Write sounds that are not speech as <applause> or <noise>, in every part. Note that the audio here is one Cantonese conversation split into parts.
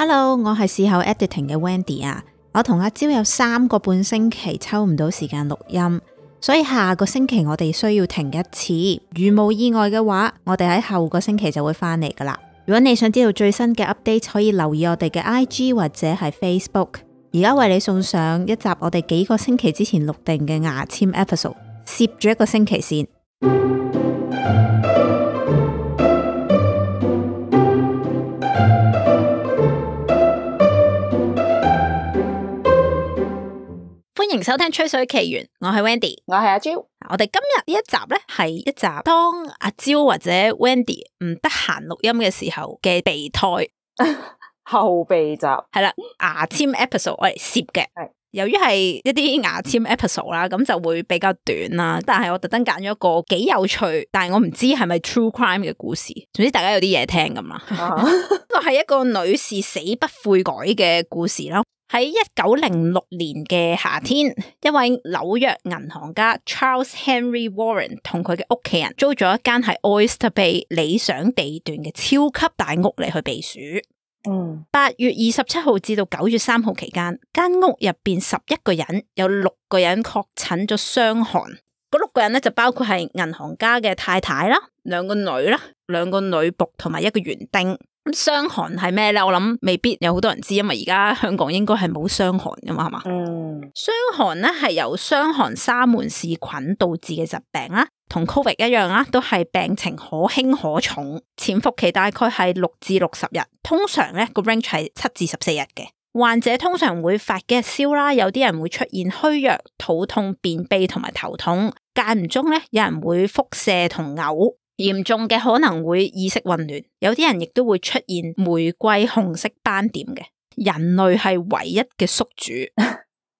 Hello，我係事後 editing 嘅 Wendy 啊，我同阿蕉有三個半星期抽唔到時間錄音，所以下個星期我哋需要停一次，如冇意外嘅話，我哋喺後個星期就會返嚟噶啦。如果你想知道最新嘅 update，可以留意我哋嘅 IG 或者係 Facebook。而家為你送上一集我哋幾個星期之前錄定嘅牙籤 episode，攝咗一個星期先。 <music> 歡迎收聽《吹水奇緣》，我係 Wendy，我係阿蕉。我哋今日呢一集咧，係一集當阿蕉或者 Wendy 唔得閒錄音嘅時候嘅備胎 <laughs> 後備集係啦，牙籤 episode 我嚟攝嘅。是由於係一啲牙籤 episode 啦，咁就會比較短啦。但係我特登揀咗一個幾有趣，但係我唔知係咪 true crime 嘅故事。總之大家有啲嘢聽噶嘛，都係、uh huh. <laughs> 一個女士死不悔改嘅故事咯。喺一九零六年嘅夏天，一位紐約銀行家 Charles Henry Warren 同佢嘅屋企人租咗一間係 Oyster Bay 理想地段嘅超級大屋嚟去避暑。嗯，八月二十七號至到九月三號期間，間屋入邊十一個人有六個人確診咗傷寒。嗰六個人咧就包括係銀行家嘅太太啦、兩個女啦、兩個女僕同埋一個園丁。咁傷寒係咩咧？我諗未必有好多人知，因為而家香港應該係冇傷寒噶嘛，係嘛？嗯，傷寒咧係由傷寒沙門氏菌導致嘅疾病啦，同 Covid 一樣啦，都係病情可輕可重，潛伏期大概係六至六十日，通常咧個 range 係七至十四日嘅。患者通常會發嘅燒啦，有啲人會出現虛弱、肚痛、便秘同埋頭痛，間唔中咧有人會腹瀉同嘔。嚴重嘅可能會意識混亂，有啲人亦都會出現玫瑰紅色斑點嘅。人類係唯一嘅宿主 <laughs>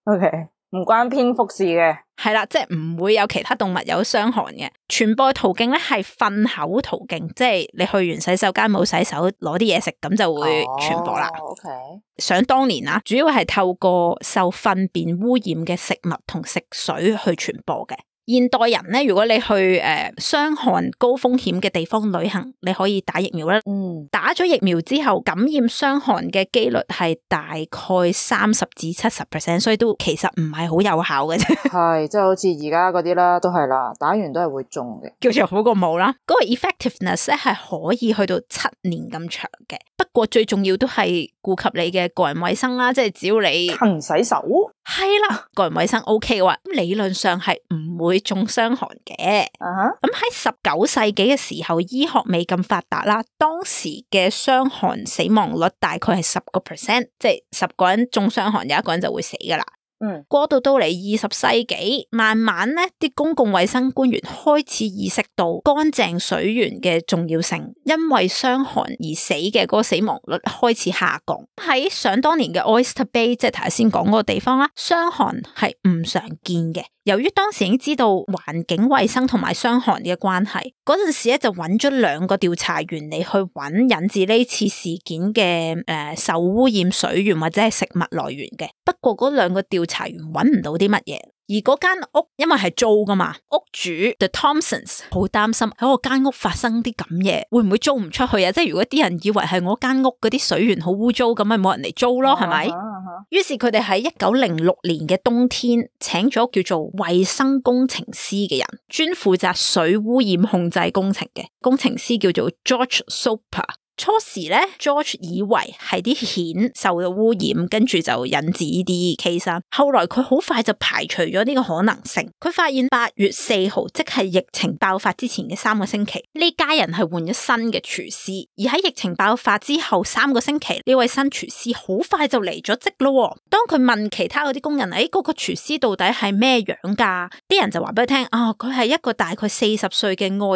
，OK，唔關蝙蝠事嘅，係啦，即係唔會有其他動物有傷寒嘅。傳播途徑咧係糞口途徑，即係你去完洗手間冇洗手，攞啲嘢食，咁就會傳播啦。Oh, OK，想當年啦，主要係透過受糞便污染嘅食物同食水去傳播嘅。現代人咧，如果你去誒傷寒高風險嘅地方旅行，你可以打疫苗啦。嗯，打咗疫苗之後感染傷寒嘅機率係大概三十至七十 percent，所以都其實唔係好有效嘅啫。係，即係好似而家嗰啲啦，都係啦，打完都係會中嘅，叫做好過冇啦。嗰個 effectiveness 咧係可以去到七年咁長嘅，不過最重要都係顧及你嘅個人衞生啦，即係只要你勤洗手，係啦，個人衛生 OK 嘅話，理論上係唔會中傷寒嘅。咁喺十九世紀嘅時候，醫學未咁發達啦，當時嘅傷寒死亡率大概係十個 percent，即係十個人中傷寒有一個人就會死噶啦。嗯，過到到嚟，二十世紀，慢慢咧啲公共衛生官員開始意識到乾淨水源嘅重要性，因為傷寒而死嘅嗰個死亡率開始下降。喺想當年嘅 Oyster Bay，即係頭先講嗰個地方啦，傷寒係唔常見嘅。由於當時已經知道環境衛生同埋傷寒嘅關係，嗰陣時咧就揾咗兩個調查員嚟，去揾引致呢次事件嘅，誒、呃、受污染水源或者係食物來源嘅。不過嗰兩個調查員揾唔到啲乜嘢。而嗰間屋因為係租噶嘛，屋主 The Thompsons 好擔心喺我間屋發生啲咁嘢，會唔會租唔出去啊？即係如果啲人以為係我間屋嗰啲水源好污糟，咁咪冇人嚟租咯，係咪、uh？Huh, uh huh. 於是佢哋喺一九零六年嘅冬天，請咗叫做衛生工程師嘅人，專負責水污染控制工程嘅工程師，叫做 George Soper 初時咧，George 以為係啲蜆受到污染，跟住就引致呢啲 case。後來佢好快就排除咗呢個可能性。佢發現八月四號，即係疫情爆發之前嘅三個星期，呢家人係換咗新嘅廚師。而喺疫情爆發之後三個星期，呢位新廚師好快就離咗職咯。當佢問其他嗰啲工人，誒，嗰個廚師到底係咩樣噶？啲人就話俾佢聽，哦，佢係一個大概四十歲嘅愛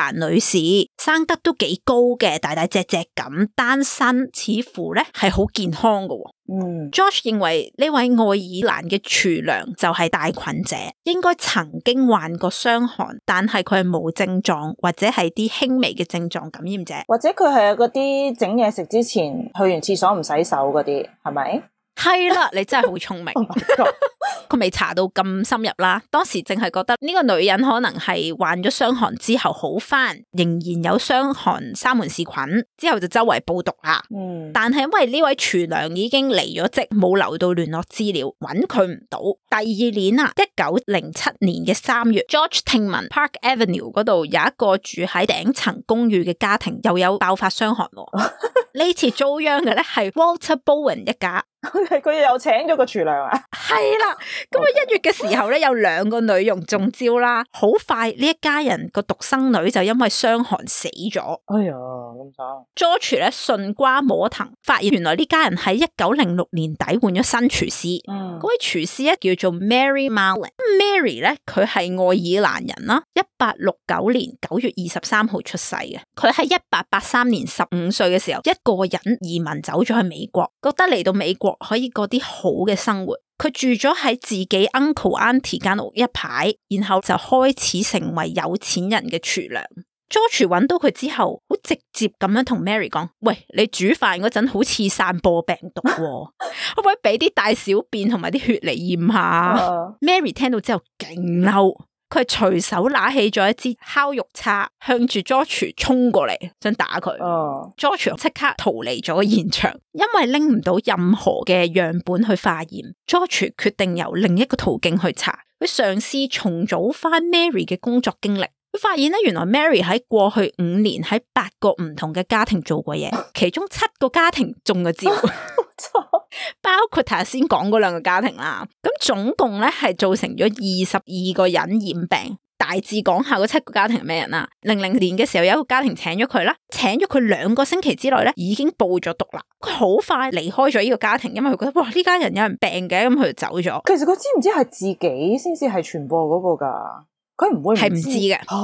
爾蘭女士，生得都幾高嘅，大大隻。只咁單身，似乎咧係好健康嘅。嗯，Josh 認為呢位愛爾蘭嘅廚娘就係帶菌者，應該曾經患過傷寒，但係佢係冇症狀或者係啲輕微嘅症狀感染者，或者佢係嗰啲整嘢食之前去完廁所唔洗手嗰啲，係咪？係啦，你真係好聰明，佢未、oh、my <laughs> 查到咁深入啦。當時淨係覺得呢、這個女人可能係患咗傷寒之後好翻，仍然有傷寒沙門氏菌，之後就周圍布毒啊。嗯，mm. 但係因為呢位廚娘已經離咗職，冇留到聯絡資料，揾佢唔到。第二年啊，一九零七年嘅三月，George 聽聞 Park Avenue 嗰度有一個住喺頂層公寓嘅家庭又有爆發傷寒，呢 <laughs> <laughs> 次遭殃嘅咧係 Walter Bowen 一家。佢哋佢又請咗個廚娘啊！係啦， <laughs> 咁啊一月嘅時候咧，有兩個女傭中招啦，好快呢一家人個獨生女就因為傷寒死咗。哎呀咁慘！George 咧順瓜摸藤，發現原來呢家人喺一九零六年底換咗新廚師。嗰、嗯、位廚師咧叫做 Mary Mallon。Mary 咧佢係愛爾蘭人啦，一八六九年九月二十三號出世嘅。佢喺一八八三年十五歲嘅時候，一個人移民走咗去美國，覺得嚟到美國。可以過啲好嘅生活，佢住咗喺自己 uncle auntie 間屋一排，然後就開始成為有錢人嘅廚娘。George 揾到佢之後，好直接咁樣同 Mary 講：喂，你煮飯嗰陣好似散播病毒啊， <laughs> 可唔可以俾啲大小便同埋啲血嚟驗下？oh.Mary 聽到之後勁嬲。佢隨手拿起咗一支烤肉叉，向住 George 沖過嚟，想打佢。George 即刻逃離咗現場，因為拎唔到任何嘅樣本去化驗。George 決定由另一個途徑去查，佢嘗試重組翻 Mary 嘅工作經歷，佢發現咧，原來 Mary 喺過去五年喺八個唔同嘅家庭做過嘢，其中七個家庭中咗招。 <laughs> <laughs> 包括頭先講嗰兩個家庭啦，咁總共咧係造成咗二十二個人染病。大致講下嗰七個家庭係咩人啊？零零年嘅時候有一個家庭請咗佢啦，請咗佢兩個星期之內咧已經報咗毒啦。佢好快離開咗呢個家庭，因為佢覺得哇，呢家人有人病嘅，咁佢就走咗。其實佢知唔知係自己先至係傳播嗰個噶？佢唔會係唔知嘅吓，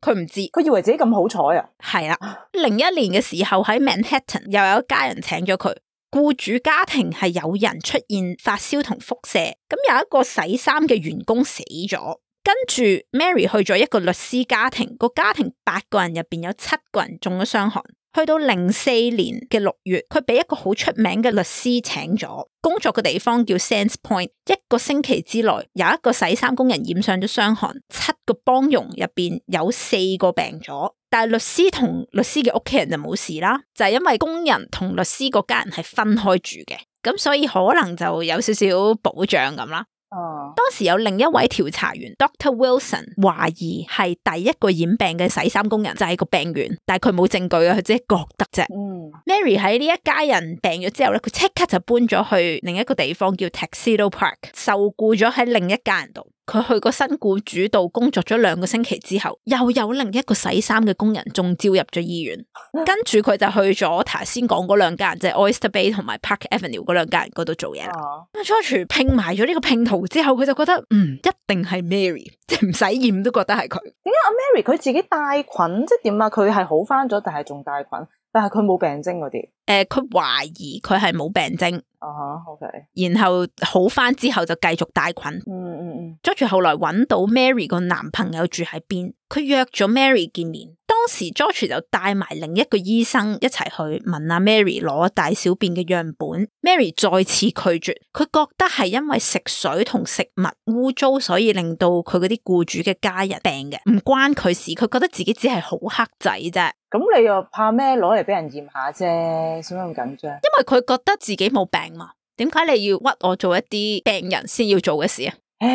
佢唔知，佢、啊、以為自己咁好彩啊。係啊，零一年嘅時候喺 Manhattan 又有一家人請咗佢。雇主家庭係有人出現發燒同腹瀉，咁有一個洗衫嘅員工死咗，跟住 Mary 去咗一個律師家庭，個家庭八個人入邊有七個人中咗傷寒。去到零四年嘅六月，佢俾一個好出名嘅律師請咗，工作嘅地方叫 Sands Point，一個星期之內有一個洗衫工人染上咗傷寒，七個幫傭入邊有四個病咗。但係律師同律師嘅屋企人就冇事啦，就係、是、因為工人同律師嗰家人係分開住嘅，咁所以可能就有少少保障咁啦。哦，oh. 當時有另一位調查員 Doctor Wilson 懷疑係第一個染病嘅洗衫工人就係、是、個病源，但係佢冇證據嘅，佢只係覺得啫。嗯、mm.，Mary 喺呢一家人病咗之後咧，佢即刻就搬咗去另一個地方叫 Tuxedo Park，受僱咗喺另一家人度。佢去個新僱主度工作咗兩個星期之後，又有另一個洗衫嘅工人中招入咗醫院， <laughs> 跟住佢就去咗頭先講嗰兩間，即係 Oyster Bay 同埋 Park Avenue 嗰兩間嗰度做嘢啦。咁 George 拼埋咗呢個拼圖之後，佢就覺得嗯，一定係 Mary，即係唔使驗都覺得係佢。點解阿 Mary 佢自己帶菌即係點啊？佢係好翻咗，但係仲帶菌。但係佢冇病徵嗰啲，誒、呃，佢懷疑佢係冇病徵。啊、uh huh.，OK。然後好返之後就繼續帶菌。嗯嗯嗯。跟、hmm. 住後來揾到 Mary 個男朋友住喺邊，佢約咗 Mary 見面。當時 George 就帶埋另一個醫生一齊去問阿 Mary 攞大小便嘅樣本，Mary 再次拒絕，佢覺得係因為食水同食物污糟，所以令到佢嗰啲雇主嘅家人病嘅，唔關佢事，佢覺得自己只係好黑仔啫。咁你又怕咩？攞嚟俾人驗下啫，使乜咁緊張？因為佢覺得自己冇病嘛？點解你要屈我做一啲病人先要做嘅事啊？唉，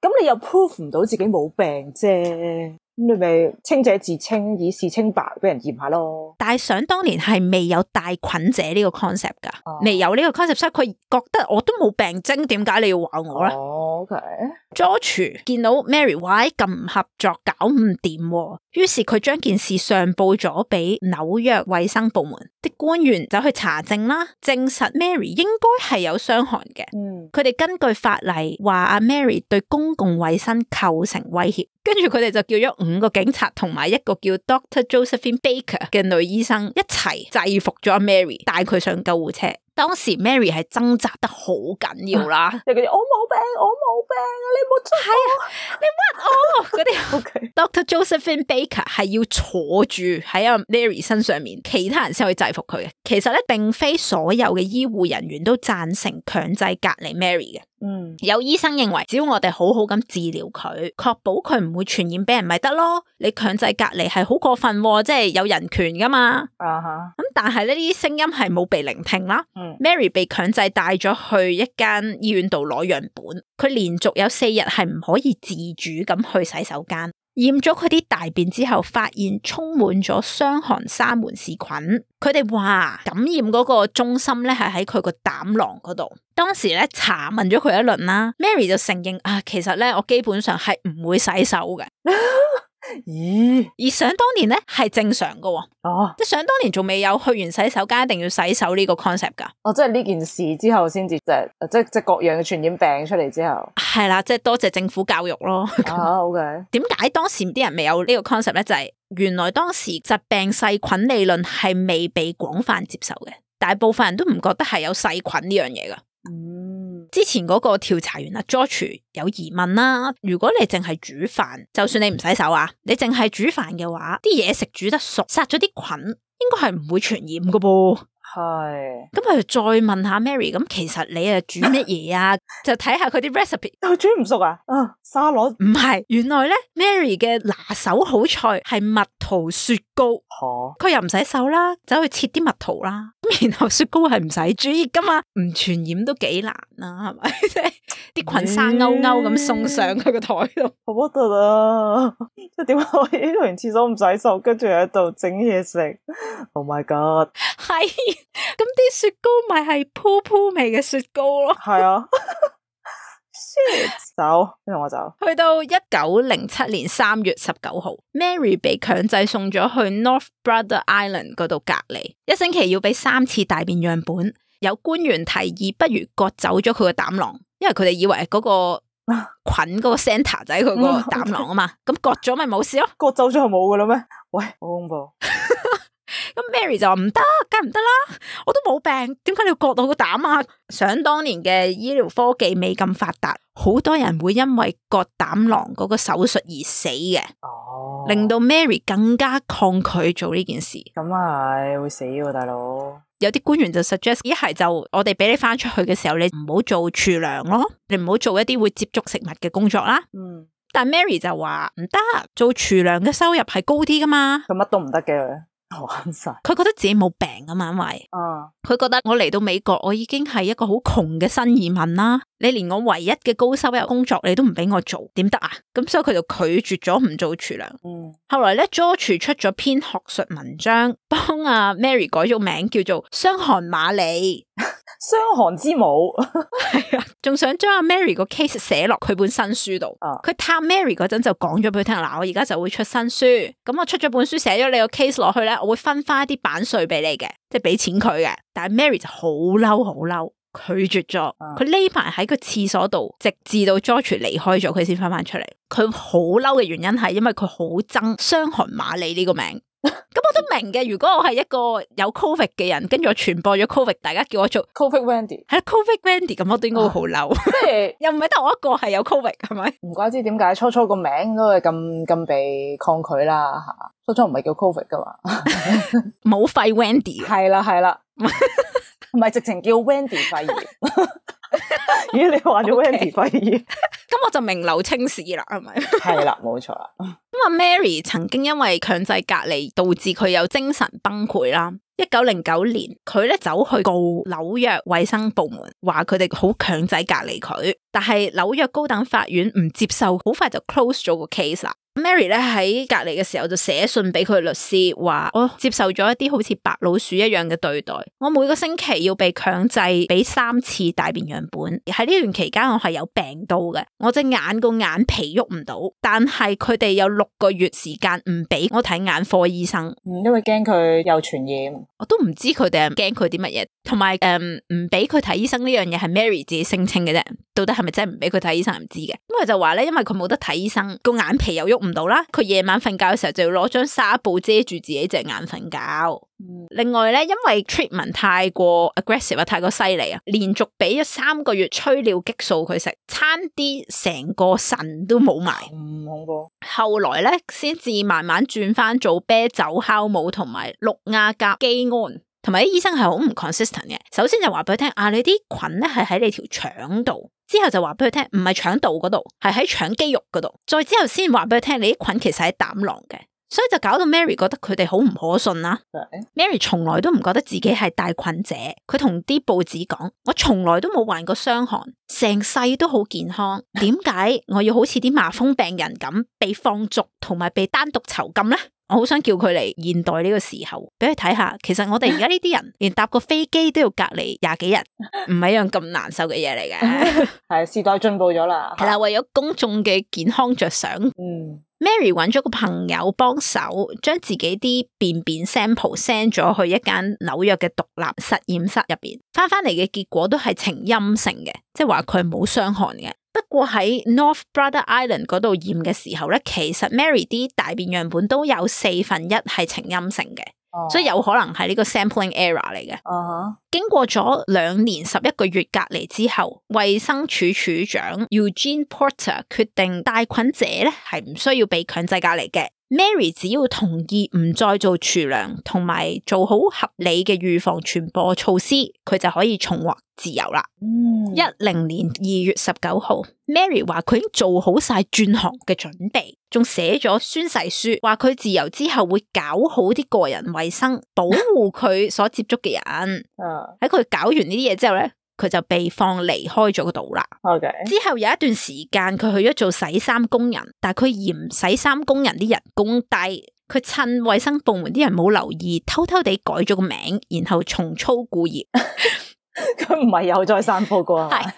咁你又 prove 唔到自己冇病啫？你咪清者自清，以示清白，畀人驗下咯。但係想當年係、啊、未有帶菌者呢個 concept 噶，未有呢個 concept，所以佢覺得我都冇病徵，點解你要話我咧？啊 Okay. George 見到 Mary Y 咁唔合作，搞唔掂，於是佢將件事上報咗俾紐約衛生部門啲官員走去查證啦，證實 Mary 應該係有傷寒嘅。嗯，佢哋根據法例話阿 Mary 對公共衛生構成威脅，跟住佢哋就叫咗五個警察同埋一個叫 Doctor Josephine Baker 嘅女醫生一齊制服咗 Mary，帶佢上救護車。當時 Mary 係掙扎得好緊要啦，佢哋我冇病，我冇病，你冇出，係啊，你屈我，嗰啲 Doctor Josephine Baker 係要坐住喺阿 Mary 身上面，其他人先可以制服佢嘅。其實咧，並非所有嘅醫護人員都贊成強制隔離 Mary 嘅。嗯，有醫生認為，只要我哋好好咁治療佢，確保佢唔會傳染俾人，咪得咯。你強制隔離係好過分，即係有人權噶嘛。啊哈、uh。咁、huh. 但係呢啲聲音係冇被聆聽啦。Uh huh. Mary 被強制帶咗去一間醫院度攞樣本，佢連續有四日係唔可以自主咁去洗手間。驗咗佢啲大便之後，發現充滿咗傷寒沙門氏菌。佢哋話感染嗰個中心咧係喺佢個膽囊嗰度。當時咧查問咗佢一輪啦，Mary 就承認啊，其實咧我基本上係唔會洗手嘅。啊咦？而想當年咧係正常噶。哦，即係、哦、想當年仲未有去完洗手間一定要洗手呢個 concept 噶。哦，即係呢件事之後先至，即係即係各樣嘅傳染病出嚟之後。係啦，即係多謝政府教育咯。 <laughs> 那啊，好嘅。點解當時啲人未有呢個概念呢個 concept 咧？就係、是、原來當時疾病細菌理論係未被廣泛接受嘅，大部分人都唔覺得係有細菌呢樣嘢噶。嗯。之前嗰個調查員阿 George 有疑問啦。如果你淨係煮飯，就算你唔洗手啊，你淨係煮飯嘅話，啲嘢食煮得熟，殺咗啲菌，應該係唔會傳染㗎噃。係，咁佢就再問下 Mary，咁其實你啊煮乜嘢啊？ <laughs> 就睇下佢啲 recipe。佢煮唔熟啊？啊，沙律？唔係，原來咧 <laughs> Mary 嘅拿手好菜係蜜桃雪糕。佢、哦、又唔洗手啦，走去切啲蜜桃啦，然後雪糕係唔使煮熱噶嘛，唔傳染都幾難啦、啊，係咪？即係啲菌山勾勾咁送上佢個台度，好啊、嗯！ <laughs> 點解 <laughs> 我已經去完廁所唔洗手，跟住喺度整嘢食？Oh my god！係咁啲雪糕咪係噗噗味嘅雪糕咯？係啊，先走，跟住我走。去到一九零七年三月十九號，Mary 被強制送咗去 North Brother Island 嗰度隔離，一星期要俾三次大便樣本。有官員提議，不如割走咗佢嘅膽囊，因為佢哋以為嗰個。菌嗰個 center 仔佢個膽囊啊嘛，咁、嗯、 <laughs> 割咗咪冇事咯？割走咗就冇噶啦咩？喂，好恐怖！咁 <laughs> Mary 就話唔得，梗唔得啦！我都冇病，點解你要割到個膽啊？ <laughs> 想當年嘅醫療科技未咁發達，好多人會因為割膽囊嗰個手術而死嘅。哦，令到 Mary 更加抗拒做呢件事。咁啊，會死喎，大佬。有啲官員就 suggest，一係就我哋俾你翻出去嘅時候，你唔好做廚娘咯，你唔好做一啲會接觸食物嘅工作啦。嗯，但 Mary 就話唔得，做廚娘嘅收入係高啲噶嘛，佢乜都唔得嘅。佢 <music> 覺得自己冇病啊嘛，因為，佢覺得我嚟到美國，我已經係一個好窮嘅新移民啦。你連我唯一嘅高收入工作，你都唔俾我做，點得啊？咁所以佢就拒絕咗唔做廚娘。Uh, 後來咧，George 出咗篇學術文章，幫阿、啊、Mary 改咗名，叫做傷寒瑪莉。 <laughs> 傷寒之母係啊，仲 <laughs> <laughs> 想將阿 Mary 個 case 寫落佢本新書度。佢，uh, 探 Mary 嗰陣就講咗俾佢聽，嗱，我而家就會出新書，咁我出咗本書寫咗你個 case 落去咧，我會分翻一啲版稅俾你嘅，即係俾錢佢嘅。但係 Mary 就好嬲，好嬲，拒絕咗。佢匿埋喺個廁所度，直至到 George 離開咗，佢先翻翻出嚟。佢好嬲嘅原因係因為佢好憎傷寒瑪莉呢個名。咁、 <laughs> 嗯、我都明嘅，如果我係一個有 Covid 嘅人，跟住我傳播咗 Covid，大家叫我做 Covid Wendy，係、啊、Covid Wendy，咁我都應該會好嬲，啊、即 <laughs> 又唔係得我一個係有 Covid，係咪？唔怪之點解初初個名都係咁咁被抗拒啦，吓初初唔係叫 Covid 噶嘛，冇肺 Wendy，係啦係啦，唔係直情叫 Wendy 肺 <laughs> 炎。 <laughs> 咦、 <laughs> 欸，你話咗 Wendy 輝爾，咁我就名留青史啦，係咪？係 <laughs> 啦，冇 <laughs> 錯啦。咁啊，Mary 曾經因為強制隔離導致佢有精神崩潰啦。一九零九年，佢咧走去告紐約衛生部門，話佢哋好強制隔離佢，但係紐約高等法院唔接受，好快就 close 咗個 case 啦。Mary 咧喺隔離嘅時候就寫信俾佢律師，話我接受咗一啲好似白老鼠一樣嘅對待。我每個星期要被強制俾三次大便樣本。喺呢段期間，我係有病到嘅。我隻眼個眼皮喐唔到，但係佢哋有六個月時間唔俾我睇眼科醫生。因為驚佢又傳染。我都唔知佢哋係驚佢啲乜嘢。同埋，誒、嗯，唔俾佢睇醫生呢樣嘢係 Mary 自己聲稱嘅啫。到底係咪真係唔俾佢睇醫生唔知嘅。咁佢就話咧，因為佢冇得睇醫生，個眼皮又喐。唔到啦，佢夜晚瞓覺嘅時候就要攞張紗布遮住自己隻眼瞓覺。嗯、另外咧，因為 treatment 太過 aggressive 啊，太過犀利啊，連續俾咗三個月催尿激素佢食，差啲成個腎都冇埋。唔恐怖。嗯嗯嗯、後來咧，先至慢慢轉翻做啤酒酵母同埋六亞甲基胺，同埋啲醫生係好唔 consistent 嘅。首先就話俾佢聽啊，你啲菌咧係喺你條腸度。之後就話俾佢聽，唔係腸道嗰度，係喺腸肌肉嗰度。再之後先話俾佢聽，你啲菌其實喺膽囊嘅，所以就搞到 Mary 覺得佢哋好唔可信啦、啊。對 Mary 從來都唔覺得自己係帶菌者，佢同啲報紙講：我從來都冇患過傷寒，成世都好健康，點解我要好似啲麻風病人咁被放逐同埋被單獨囚禁呢？我好想叫佢嚟現代呢個時候，俾佢睇下，其實我哋而家呢啲人， <laughs> 連搭個飛機都要隔離廿幾日，唔係一樣咁難受嘅嘢嚟嘅。係時代進步咗啦。係啦，為咗公眾嘅健康着想。嗯，Mary 揾咗個朋友幫手，將自己啲便便 sample send 咗去一間紐約嘅獨立實驗室入邊，翻翻嚟嘅結果都係呈陰性嘅，即係話佢冇傷寒嘅。不過喺 North Brother Island 嗰度驗嘅時候咧，其實 Mary 啲大便樣本都有四分一係呈陰性嘅，uh huh. 所以有可能係呢個 sampling error 嚟嘅。Uh huh. 經過咗兩年十一個月隔離之後，衛生署署長 Eugene Porter 決定帶菌者咧係唔需要被強制隔離嘅。Mary 只要同意唔再做廚娘，同埋做好合理嘅預防傳播措施，佢就可以重獲自由啦。一零、mm. 年二月十九號，Mary 話佢已經做好晒轉行嘅準備，仲寫咗宣誓書，話佢自由之後會搞好啲個人衛生，保護佢所接觸嘅人。喺佢、mm. 搞完呢啲嘢之後咧。佢就被放離開咗個度啦。Okay. 之後有一段時間，佢去咗做洗衫工人，但係佢嫌洗衫工人啲人工低，佢趁衛生部門啲人冇留意，偷偷地改咗個名，然後重操故業。佢唔係又再散播過？係。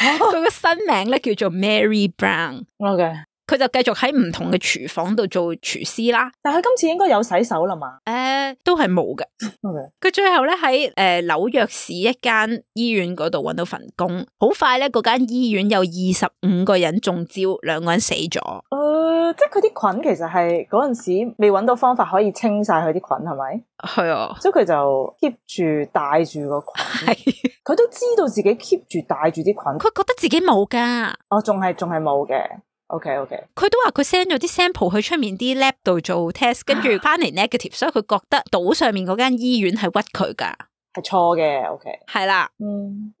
佢個新名咧叫做 Mary Brown。OK。佢就繼續喺唔同嘅廚房度做廚師啦。但係佢今次應該有洗手啦嘛？誒、呃，都係冇嘅。佢 Okay. 最後咧喺誒紐約市一間醫院嗰度搵到份工。好快咧，嗰間醫院有二十五個人中招，兩個人死咗。誒、呃，即係佢啲菌其實係嗰陣時未搵到方法可以清晒佢啲菌，係咪？係啊、哦。所以佢就 keep 住帶住個菌。佢是都知道自己 keep 住帶住啲菌，佢覺得自己冇㗎。哦，仲係仲係冇嘅。O K O K，佢都話佢 send 咗啲 sample 去出面啲 lab 度做 test，跟住翻嚟 negative，所以佢覺得島上面嗰間醫院係屈佢噶，係錯嘅。O K 係啦，嗯，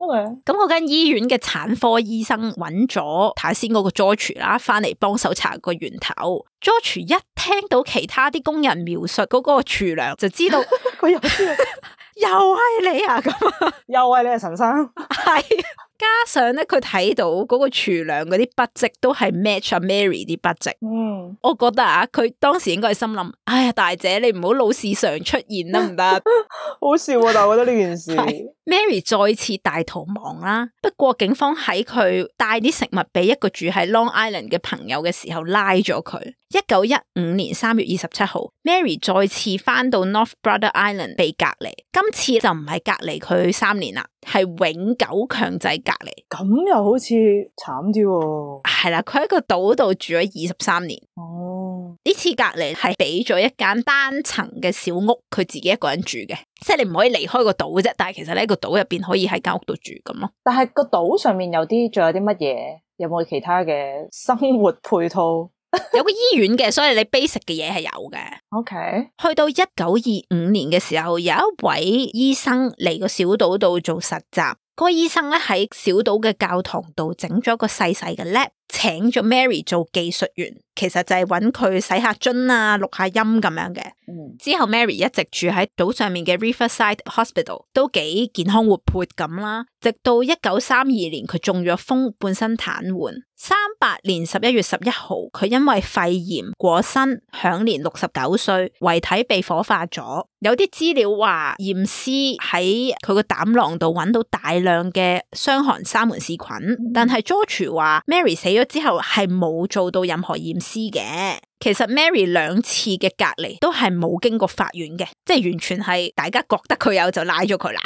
咁嗰間醫院嘅產科醫生揾咗睇先嗰個 George 啦，翻嚟幫手查個源頭。George 一聽到其他啲工人描述嗰個廚娘，就知道佢 <laughs> 又又係你啊，咁 <laughs> 又係你陳、啊、 <laughs> 生，係。 <laughs> <laughs> 加上咧，佢睇到嗰個廚娘嗰啲筆跡都係 match 阿 Mary 啲筆跡，嗯，我覺得啊，佢當時應該係心諗，哎呀，大姐你唔好老是常出現得唔得？行行 <laughs> 好笑啊，但係我覺得呢件事 <laughs> ，Mary 再次大逃亡啦。不過警方喺佢帶啲食物俾一個住喺 Long Island 嘅朋友嘅時候拉咗佢。一九一五年三月二十七號，Mary 再次返到 North Brother Island 被隔離。今次就唔係隔離佢三年啦。係永久強制隔離，咁又好似慘啲喎。係啦，佢喺個島度住咗二十三年。哦，呢次隔離係俾咗一間單層嘅小屋，佢自己一個人住嘅，即係你唔可以離開個島啫。但係其實咧，個島入邊可以喺間屋度住咁咯。但係個島上面有啲，仲有啲乜嘢？有冇其他嘅生活配套？ <laughs> 有個醫院嘅，所以你 basic 嘅嘢係有嘅。OK，去到一九二五年嘅時候，有一位醫生嚟個小島度做實習。個醫生咧喺小島嘅教堂度整咗個細細嘅 lab。請咗 Mary 做技術員，其實就係揾佢洗下樽啊、錄下音咁樣嘅。嗯、之後 Mary 一直住喺島上面嘅 Riverside Hospital，都幾健康活潑咁啦。直到一九三二年佢中咗風，半身癱瘓。三八年十一月十一號，佢因為肺炎過身，享年六十九歲。遺體被火化咗。有啲資料話驗屍喺佢個膽囊度揾到大量嘅傷寒沙門氏菌，嗯、但係 George 話 Mary 死咗。之後係冇做到任何驗屍嘅，其實 Mary 兩次嘅隔離都係冇經過法院嘅，即係完全係大家覺得佢有就拉咗佢啦，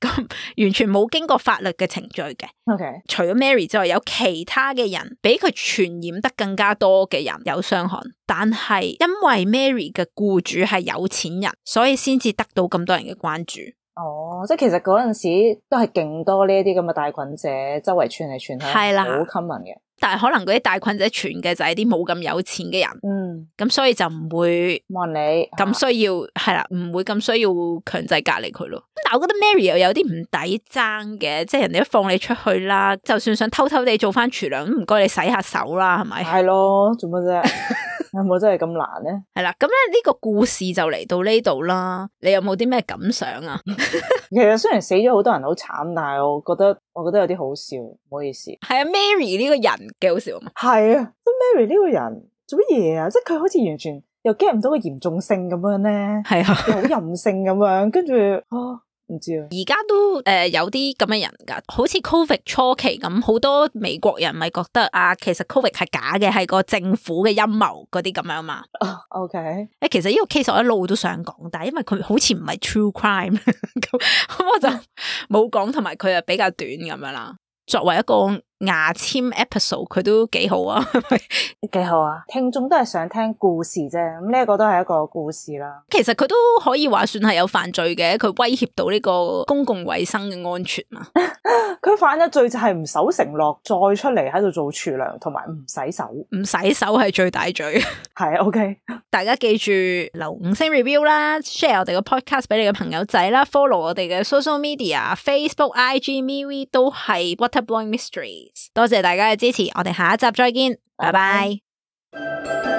咁 <laughs> 完全冇經過法律嘅程序嘅。O Okay . K，除咗 Mary 之外，有其他嘅人俾佢傳染得更加多嘅人有傷寒，但係因為 Mary 嘅僱主係有錢人，所以先至得到咁多人嘅關注。哦，oh, 即係其實嗰陣時都係勁多呢啲咁嘅帶菌者周圍串嚟串去，係啦了，好 common 嘅。但係可能嗰啲帶菌者傳嘅就係啲冇咁有錢嘅人，咁、嗯、所以就唔會咁需要係啦，唔、啊、會咁需要強制隔離佢咯。但係我覺得 Mary 又有啲唔抵爭嘅，即係人哋都放你出去啦，就算想偷偷哋做翻廚娘，唔該你洗下手啦，係咪？係咯，做乜啫？ <laughs> 有冇真係咁難咧？係啦，咁咧，呢個故事就嚟到呢度啦。你有冇啲咩感想啊？ <laughs> 其實雖然死咗好多人好慘，但係我覺得，我覺得有啲好笑。唔好意思。係啊，Mary 呢個人幾好笑啊嘛。係啊，都 Mary 呢個人做乜嘢啊？即係佢好似完全又驚唔到個嚴重性咁樣咧。係啊，又好任性咁樣，跟住啊。哦唔知啊，而家都誒、呃、有啲咁嘅人㗎，好似 Covid 初期咁，好多美國人咪覺得啊，其實 Covid 係假嘅，係個政府嘅陰謀嗰啲咁樣嘛。Oh, OK，誒、欸、其實呢個 case 我一路都想講，但係因為佢好似唔係 true crime，咁 <laughs> 咁、嗯、 <laughs> 我就冇講，同埋佢係比較短咁樣啦。作為一個牙籤 episode 佢都幾好啊，幾 <laughs> 好啊！聽眾都係想聽故事啫，咁呢個都係一個故事啦。其實佢都可以話算係有犯罪嘅，佢威脅到呢個公共衛生嘅安全嘛。 <laughs> 佢犯咗罪就係唔守承諾，再出嚟，喺度做廚娘，同埋唔洗手，唔洗手係最大罪。係啊，OK，大家記住留五星 review 啦，share 我哋個 podcast 俾你嘅朋友仔啦，follow 我哋嘅 social media，Facebook、IG、MeWe 都係 Water Blowing Mysteries。多謝大家嘅支持，我哋下一集再見，拜拜。